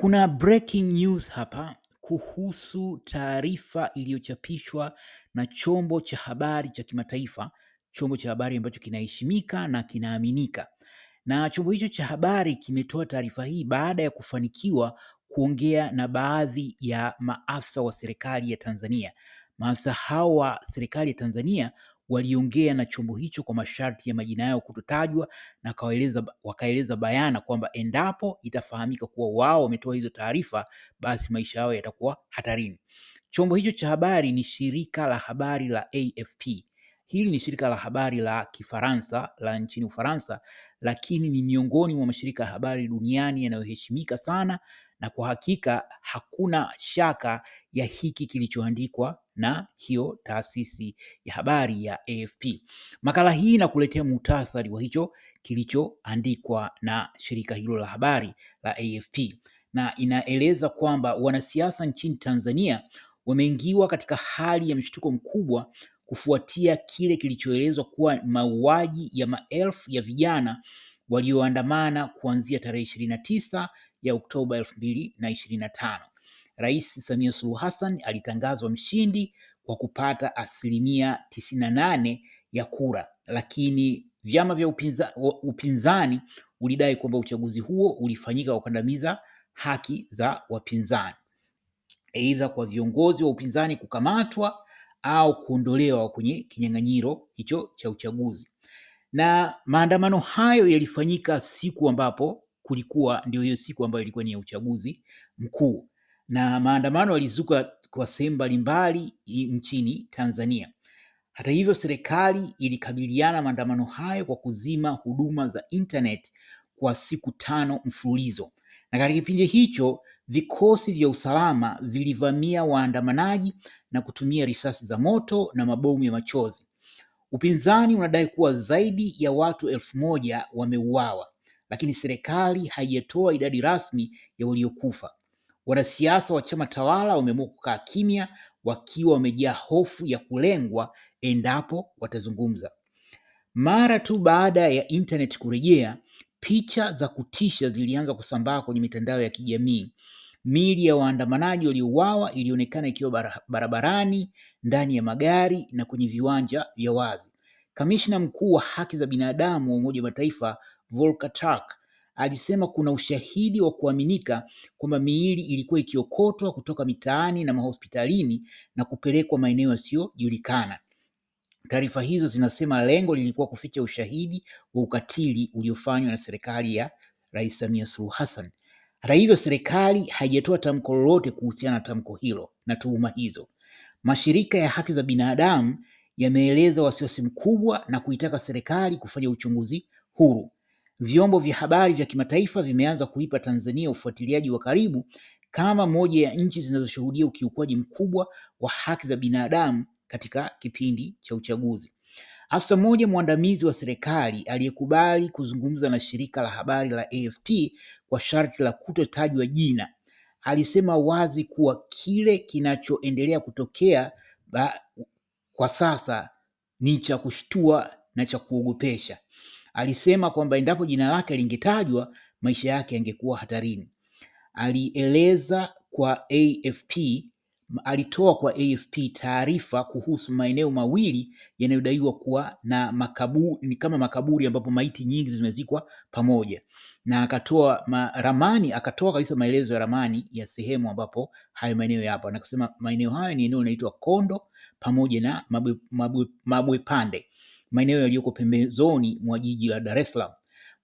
Kuna breaking news hapa kuhusu taarifa iliyochapishwa na chombo cha habari cha kimataifa, chombo cha habari ambacho kinaheshimika na kinaaminika. Na chombo hicho cha habari kimetoa taarifa hii baada ya kufanikiwa kuongea na baadhi ya maafisa wa serikali ya Tanzania. Maafisa hao wa serikali ya Tanzania waliongea na chombo hicho kwa masharti ya majina yao kutotajwa, na wakaeleza bayana kwamba endapo itafahamika kuwa wao wametoa hizo taarifa, basi maisha yao yatakuwa hatarini. Chombo hicho cha habari ni shirika la habari la AFP. Hili ni shirika la habari la Kifaransa la nchini Ufaransa, lakini ni miongoni mwa mashirika ya habari duniani yanayoheshimika sana, na kwa hakika hakuna shaka ya hiki kilichoandikwa na hiyo taasisi ya habari ya AFP. Makala hii inakuletea muhtasari wa hicho kilichoandikwa na shirika hilo la habari la AFP na inaeleza kwamba wanasiasa nchini Tanzania wameingiwa katika hali ya mshtuko mkubwa kufuatia kile kilichoelezwa kuwa mauaji ya maelfu ya vijana walioandamana kuanzia tarehe ishirini na tisa ya Oktoba elfu mbili na ishirini na tano. Rais Samia Suluhu Hassan alitangazwa mshindi kwa kupata asilimia tisini na nane ya kura, lakini vyama vya upinza, upinzani ulidai kwamba uchaguzi huo ulifanyika kwa kukandamiza haki za wapinzani, aidha kwa viongozi wa upinzani kukamatwa au kuondolewa kwenye kinyang'anyiro hicho cha uchaguzi. Na maandamano hayo yalifanyika siku ambapo kulikuwa ndio hiyo siku ambayo ilikuwa ni ya uchaguzi mkuu na maandamano yalizuka kwa sehemu mbalimbali nchini Tanzania. Hata hivyo, serikali ilikabiliana maandamano hayo kwa kuzima huduma za internet kwa siku tano mfululizo, na katika kipindi hicho vikosi vya usalama vilivamia waandamanaji na kutumia risasi za moto na mabomu ya machozi. Upinzani unadai kuwa zaidi ya watu elfu moja wameuawa, lakini serikali haijatoa idadi rasmi ya waliokufa. Wanasiasa wa chama tawala wameamua kukaa kimya, wakiwa wamejaa hofu ya kulengwa endapo watazungumza. Mara tu baada ya intaneti kurejea, picha za kutisha zilianza kusambaa kwenye mitandao ya kijamii. Miili ya waandamanaji waliouawa ilionekana ikiwa barabarani, ndani ya magari na kwenye viwanja vya wazi. Kamishna mkuu wa haki za binadamu wa Umoja wa Mataifa Volker Turk alisema kuna ushahidi wa kuaminika kwamba miili ilikuwa ikiokotwa kutoka mitaani na mahospitalini na kupelekwa maeneo yasiyojulikana. Taarifa hizo zinasema lengo lilikuwa kuficha ushahidi wa ukatili uliofanywa na serikali ya Rais Samia Suluhu Hassan. Hata hivyo, serikali haijatoa tamko lolote kuhusiana na tamko hilo na tuhuma hizo. Mashirika ya haki za binadamu yameeleza wasiwasi mkubwa na kuitaka serikali kufanya uchunguzi huru. Vyombo vya habari vya kimataifa vimeanza kuipa Tanzania ufuatiliaji wa karibu kama moja ya nchi zinazoshuhudia ukiukwaji mkubwa wa haki za binadamu katika kipindi cha uchaguzi. Afisa mmoja mwandamizi wa serikali aliyekubali kuzungumza na shirika la habari la AFP kwa sharti la kutotajwa jina alisema wazi kuwa kile kinachoendelea kutokea ba, kwa sasa ni cha kushtua na cha kuogopesha. Alisema kwamba endapo jina lake lingetajwa maisha yake yangekuwa hatarini. Alieleza kwa AFP, alitoa kwa AFP taarifa kuhusu maeneo mawili yanayodaiwa kuwa na makaburi, kama makaburi ambapo maiti nyingi zimezikwa pamoja, na akatoa ramani, akatoa kabisa maelezo ya ramani ya sehemu ambapo hayo maeneo yapo, na kusema maeneo hayo ni eneo linaloitwa Kondo pamoja na mabwepande Mabwe, Mabwe maeneo yaliyoko pembezoni mwa jiji la Dar es Salaam.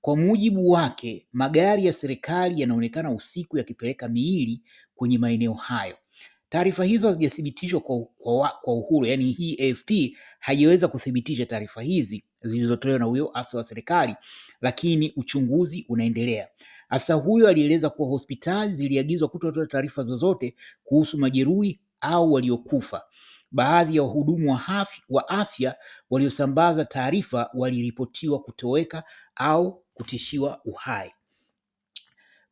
Kwa mujibu wake, magari ya serikali yanaonekana usiku yakipeleka miili kwenye maeneo hayo. Taarifa hizo hazijathibitishwa kwa, kwa, kwa uhuru, yaani hii AFP haijaweza kuthibitisha taarifa hizi zilizotolewa na huyo afisa wa serikali, lakini uchunguzi unaendelea. Afisa huyo alieleza kuwa hospitali ziliagizwa kutotoa taarifa zozote kuhusu majeruhi au waliokufa baadhi ya wahudumu wa, wa afya waliosambaza taarifa waliripotiwa kutoweka au kutishiwa uhai.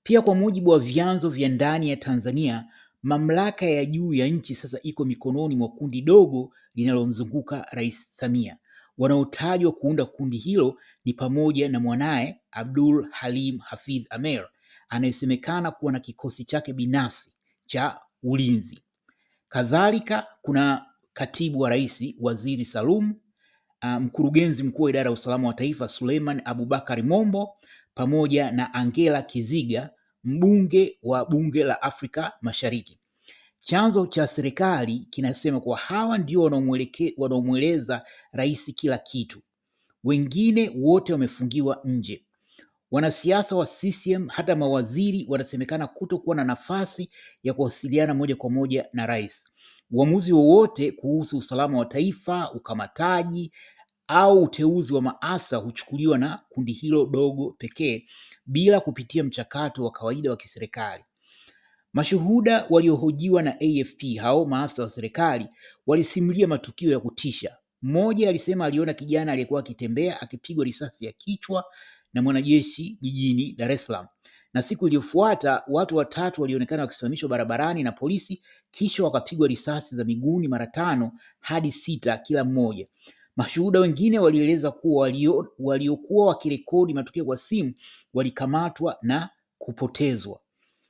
Pia kwa mujibu wa vyanzo vya ndani ya Tanzania, mamlaka ya juu ya nchi sasa iko mikononi mwa kundi dogo linalomzunguka Rais Samia. Wanaotajwa kuunda kundi hilo ni pamoja na mwanaye Abdul Halim Hafidh Amer anayesemekana kuwa na kikosi chake binafsi cha ulinzi. Kadhalika kuna katibu wa rais Waziri Salum, ah, mkurugenzi mkuu wa idara ya usalama wa taifa Suleiman Abubakari Mombo pamoja na Angela Kiziga, mbunge wa bunge la Afrika Mashariki. Chanzo cha serikali kinasema kuwa hawa ndio wanaomweleza rais kila kitu, wengine wote wamefungiwa nje. Wanasiasa wa CCM hata mawaziri wanasemekana kutokuwa na nafasi ya kuwasiliana moja kwa moja na rais. Uamuzi wowote kuhusu usalama wa taifa, ukamataji au uteuzi wa maasa huchukuliwa na kundi hilo dogo pekee bila kupitia mchakato wa kawaida wa kiserikali. Mashuhuda waliohojiwa na AFP, hao maafisa wa serikali, walisimulia matukio ya kutisha. Mmoja alisema aliona kijana aliyekuwa akitembea akipigwa risasi ya kichwa na mwanajeshi jijini Dar es Salaam, na siku iliyofuata watu watatu walionekana wakisimamishwa barabarani na polisi, kisha wakapigwa risasi za miguuni mara tano hadi sita kila mmoja. Mashuhuda wengine walieleza kuwa walio, waliokuwa wakirekodi matukio kwa simu walikamatwa na kupotezwa.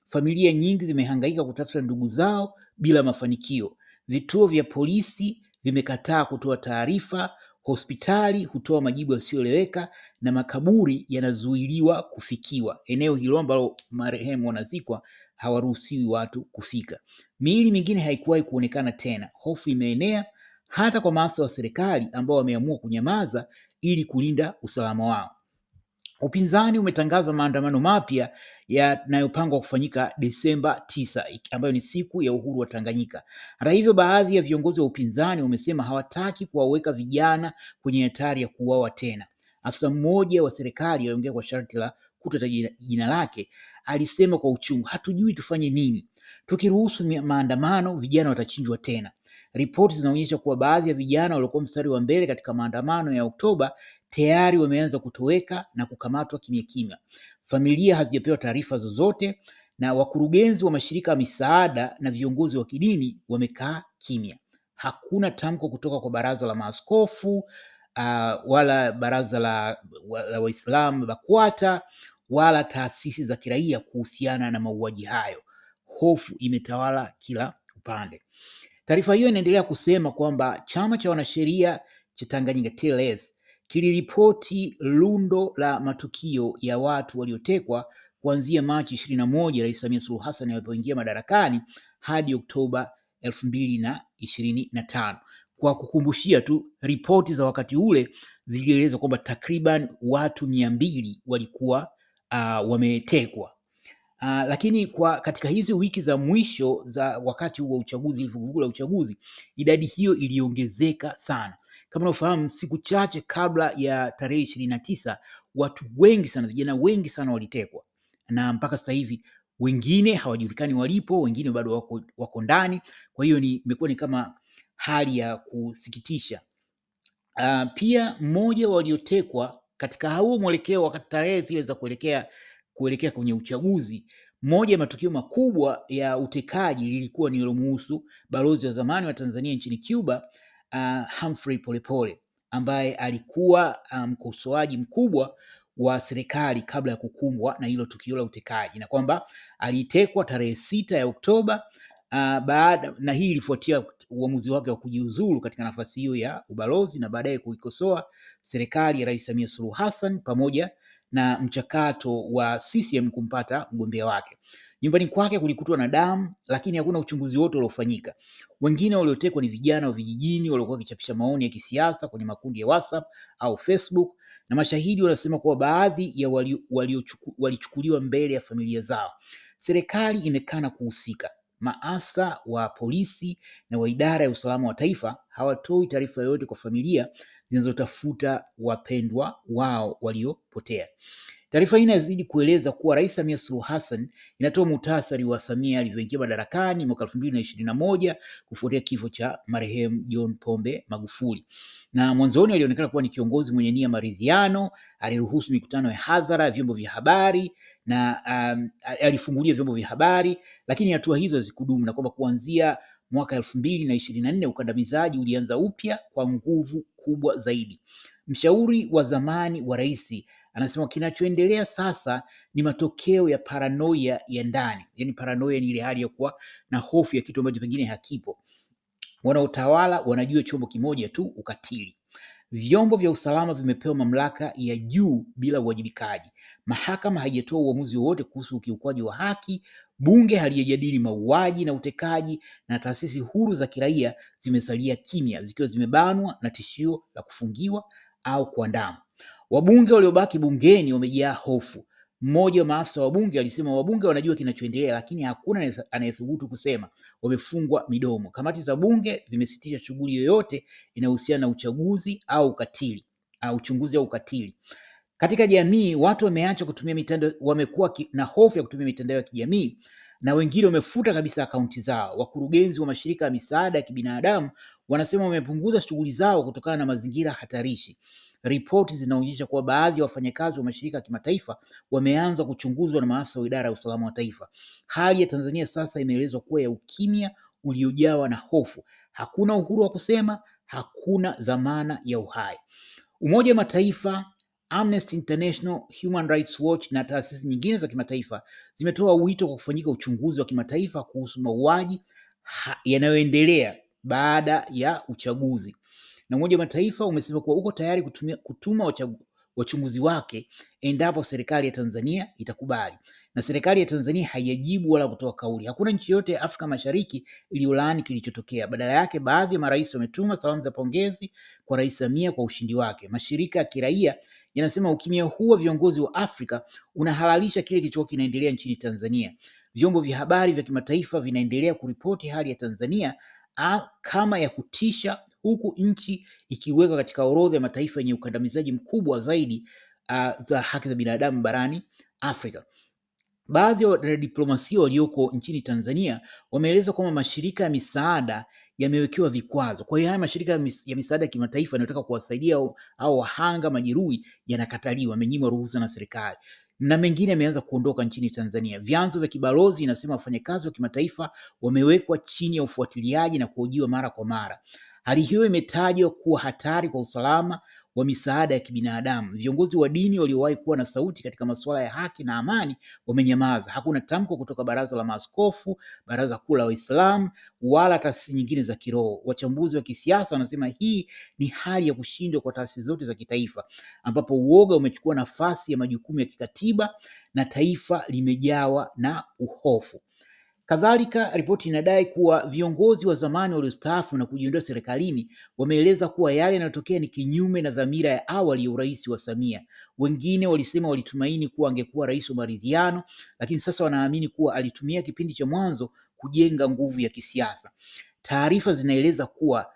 Familia nyingi zimehangaika kutafuta ndugu zao bila mafanikio. Vituo vya polisi vimekataa kutoa taarifa hospitali hutoa majibu yasiyoeleweka na makaburi yanazuiliwa kufikiwa. Eneo hilo ambalo marehemu wanazikwa hawaruhusiwi watu kufika. Miili mingine haikuwahi kuonekana tena. Hofu imeenea hata kwa maafisa wa serikali ambao wameamua kunyamaza ili kulinda usalama wao. Upinzani umetangaza maandamano mapya yanayopangwa kufanyika Desemba tisa ambayo ni siku ya uhuru wa Tanganyika. Hata hivyo, baadhi ya viongozi wa upinzani wamesema hawataki kuwaweka vijana kwenye hatari ya kuuawa tena. Afisa mmoja wa serikali aliongea kwa sharti la kutataja jina lake, alisema kwa uchungu, hatujui tufanye nini. Tukiruhusu maandamano, vijana watachinjwa tena. Ripoti zinaonyesha kuwa baadhi ya vijana waliokuwa mstari wa mbele katika maandamano ya Oktoba tayari wameanza kutoweka na kukamatwa kimya kimya. Familia hazijapewa taarifa zozote, na wakurugenzi wa mashirika ya misaada na viongozi wa kidini wamekaa kimya. Hakuna tamko kutoka kwa baraza la maaskofu uh, wala baraza la Waislamu BAKWATA wala taasisi za kiraia kuhusiana na mauaji hayo. Hofu imetawala kila upande. Taarifa hiyo inaendelea kusema kwamba chama cha wanasheria cha Tanganyika TLS kiliripoti lundo la matukio ya watu waliotekwa kuanzia Machi ishirini na moja Rais Samia Suluhu Hassan alipoingia madarakani hadi Oktoba elfu mbili na ishirini na tano. Kwa kukumbushia tu, ripoti za wakati ule zilieleza kwamba takriban watu mia mbili walikuwa uh, wametekwa. Uh, lakini kwa katika hizi wiki za mwisho za wakati wa uchaguzi, vuguvugu la uchaguzi, idadi hiyo iliongezeka sana. Kama unaofahamu, siku chache kabla ya tarehe ishirini na tisa watu wengi sana, vijana wengi sana walitekwa, na mpaka sasa hivi wengine hawajulikani walipo, wengine bado wako, wako ndani. Kwa hiyo ni imekuwa ni kama hali ya kusikitisha. Uh, pia mmoja waliotekwa katika huo mwelekeo wakati tarehe zile za kuelekea kuelekea kwenye uchaguzi, moja ya matukio makubwa ya utekaji lilikuwa ni lilomuhusu balozi wa zamani wa Tanzania nchini Cuba uh, Humphrey Polepole ambaye alikuwa mkosoaji um, mkubwa wa serikali kabla ya kukumbwa na hilo tukio la utekaji, na kwamba alitekwa tarehe sita ya Oktoba uh, baada, na hii ilifuatia uamuzi wake wa kujiuzulu katika nafasi hiyo ya ubalozi na baadaye kuikosoa serikali ya Rais Samia Suluhu Hassan pamoja na mchakato wa CCM kumpata mgombea wake. Nyumbani kwake kulikutwa na damu, lakini hakuna uchunguzi wote uliofanyika. Wengine waliotekwa ni vijana wa vijijini waliokuwa wakichapisha maoni ya kisiasa kwenye makundi ya WhatsApp au Facebook, na mashahidi wanasema kuwa baadhi ya walichukuliwa mbele ya familia zao. Serikali imekana kuhusika. Maafisa wa polisi na wa idara ya usalama wa taifa hawatoi taarifa yoyote kwa familia zinazotafuta wapendwa wao waliopotea. Taarifa hii inazidi kueleza kuwa Rais Samia Suluhu Hassan inatoa muhtasari wa Samia alivyoingia madarakani mwaka elfu mbili na ishirini na moja kufuatia kifo cha marehemu John Pombe Magufuli. Na mwanzoni alionekana kuwa ni kiongozi mwenye nia maridhiano, aliruhusu mikutano ya hadhara ya vyombo vya habari na um, alifungulia vyombo vya habari, lakini hatua hizo hazikudumu na kwamba kuanzia mwaka elfu mbili na ishirini na nne ukandamizaji ulianza upya kwa nguvu kubwa zaidi. Mshauri wa zamani wa rais Anasema kinachoendelea sasa ni matokeo ya paranoia ya ndani, Yani, paranoia ni ile hali ya kuwa na hofu ya kitu ambacho pengine hakipo. Wanaotawala wanajua chombo kimoja tu, ukatili. Vyombo vya usalama vimepewa mamlaka ya juu bila uwajibikaji. Mahakama haijatoa uamuzi wowote kuhusu ukiukwaji wa haki. Bunge halijajadili mauaji na utekaji, na taasisi huru za kiraia zimesalia kimya, zikiwa zimebanwa na tishio la kufungiwa au kuandamwa. Wabunge waliobaki bungeni wamejaa hofu. Mmoja wa maafisa wa bunge alisema wabunge wanajua kinachoendelea, lakini hakuna anayethubutu kusema. Wamefungwa midomo. Kamati za bunge zimesitisha shughuli yoyote inayohusiana na uchaguzi au ukatili, au uchunguzi au ukatili. Katika jamii, watu wameacha kutumia mitandao, wamekuwa na hofu ya kutumia mitandao ya kijamii na wengine wamefuta kabisa akaunti zao. Wakurugenzi wa mashirika ya misaada ya kibinadamu wanasema wamepunguza shughuli zao kutokana na mazingira hatarishi. Ripoti zinaonyesha kuwa baadhi ya wafanyakazi wa mashirika ya kimataifa wameanza kuchunguzwa na maafisa wa idara ya usalama wa taifa. Hali ya Tanzania sasa imeelezwa kuwa ya ukimya uliojawa na hofu. Hakuna uhuru wa kusema, hakuna dhamana ya uhai. Umoja wa Mataifa, Amnesty International, Human Rights Watch na taasisi nyingine za kimataifa zimetoa wito kwa kufanyika uchunguzi wa kimataifa kuhusu mauaji yanayoendelea baada ya uchaguzi na Umoja wa Mataifa umesema kuwa uko tayari kutumia, kutuma wachunguzi wake endapo serikali ya Tanzania itakubali. Na serikali ya Tanzania haijajibu wala kutoa kauli. Hakuna nchi yote ya Afrika Mashariki iliyolaani kilichotokea. Badala yake, baadhi ya marais wametuma salamu za pongezi kwa Rais Samia kwa ushindi wake. Mashirika ya kiraia yanasema ukimya huu wa viongozi wa Afrika unahalalisha kile kilichokuwa kinaendelea nchini Tanzania. Vyombo vya habari vya kimataifa vinaendelea kuripoti hali ya Tanzania kama ya kutisha huku nchi ikiwekwa katika orodha ya mataifa yenye ukandamizaji mkubwa zaidi uh, za haki za binadamu barani Afrika. Baadhi ya wanadiplomasia walioko nchini Tanzania wameeleza kwamba mashirika ya misaada yamewekewa vikwazo. Kwa hiyo haya mashirika ya misaada ya kimataifa yanayotaka kuwasaidia au wahanga majeruhi yanakataliwa, amenyimwa ruhusa na serikali na mengine yameanza kuondoka nchini Tanzania. Vyanzo vya kibalozi inasema wafanyakazi wa kimataifa wamewekwa chini ya ufuatiliaji na kuhojiwa mara kwa mara. Hali hiyo imetajwa kuwa hatari kwa usalama wa misaada ya kibinadamu. Viongozi wa dini waliowahi kuwa na sauti katika masuala ya haki na amani wamenyamaza. Hakuna tamko kutoka Baraza la Maaskofu, Baraza Kuu la Waislamu wala taasisi nyingine za kiroho. Wachambuzi wa kisiasa wanasema hii ni hali ya kushindwa kwa taasisi zote za kitaifa, ambapo uoga umechukua nafasi ya majukumu ya kikatiba na taifa limejawa na uhofu. Kadhalika, ripoti inadai kuwa viongozi wa zamani waliostaafu na kujiondoa serikalini wameeleza kuwa yale yanayotokea ni kinyume na dhamira ya awali ya urais wa Samia. Wengine walisema walitumaini kuwa angekuwa rais wa maridhiano, lakini sasa wanaamini kuwa alitumia kipindi cha mwanzo kujenga nguvu ya kisiasa. Taarifa zinaeleza kuwa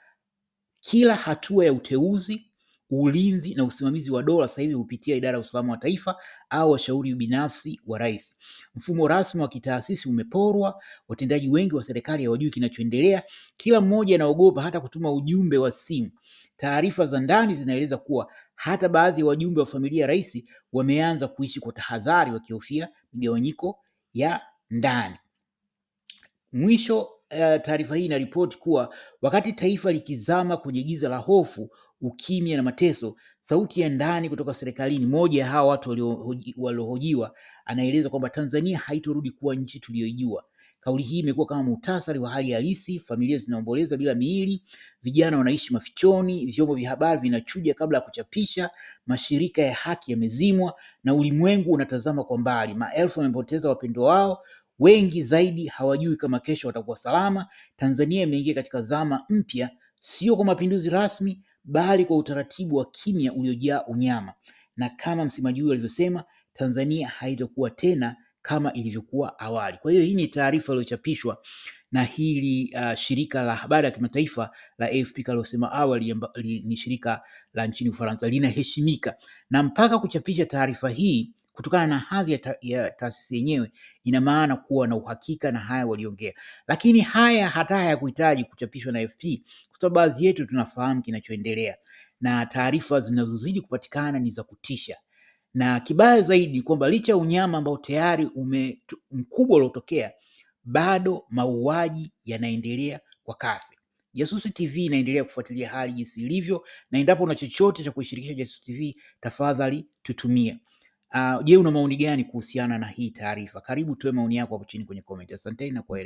kila hatua ya uteuzi ulinzi na usimamizi wa dola sasa hivi hupitia idara ya usalama wa taifa au washauri binafsi wa rais. Mfumo rasmi wa kitaasisi umeporwa, watendaji wengi wa serikali hawajui kinachoendelea, kila mmoja anaogopa hata kutuma ujumbe wa simu. Taarifa za ndani zinaeleza kuwa hata baadhi ya wajumbe wa familia ya rais wameanza kuishi kwa tahadhari, wakihofia migawanyiko ya ndani. Mwisho Eh, taarifa hii inaripoti kuwa wakati taifa likizama kwenye giza la hofu, ukimya na mateso, sauti ya ndani kutoka serikalini, moja ya hawa watu waliohojiwa anaeleza kwamba Tanzania haitorudi kuwa nchi tuliyoijua. Kauli hii imekuwa kama muhtasari wa hali halisi: familia zinaomboleza bila miili, vijana wanaishi mafichoni, vyombo vya habari vinachuja kabla ya kuchapisha, mashirika ya haki yamezimwa, na ulimwengu unatazama kwa mbali. Maelfu wamepoteza wapendo wao, Wengi zaidi hawajui kama kesho watakuwa salama. Tanzania imeingia katika zama mpya, sio kwa mapinduzi rasmi, bali kwa utaratibu wa kimya uliojaa unyama, na kama msemaji huyu alivyosema, Tanzania haitakuwa tena kama ilivyokuwa awali. Kwa hiyo hii ni taarifa iliyochapishwa na hili uh, shirika la habari ya kimataifa la AFP kalosema awali ni shirika la nchini Ufaransa linaheshimika, na mpaka kuchapisha taarifa hii kutokana na hadhi ya, ta, ya taasisi yenyewe, ina maana kuwa na uhakika na haya waliongea. Lakini haya hata kuhitaji kuchapishwa na FP kwa sababu baadhi yetu tunafahamu kinachoendelea na taarifa zinazozidi kupatikana ni za kutisha, na kibaya zaidi kwamba licha ya unyama ambao tayari mkubwa uliotokea, bado mauaji yanaendelea kwa kasi. Jasusi TV inaendelea kufuatilia hali jinsi ilivyo, na endapo una chochote cha kuishirikisha Jasusi TV, tafadhali tutumie. Ah, je, uh, una maoni gani kuhusiana na hii taarifa? Karibu tuwe maoni yako hapo chini kwenye comment. Asanteni na kwaheri.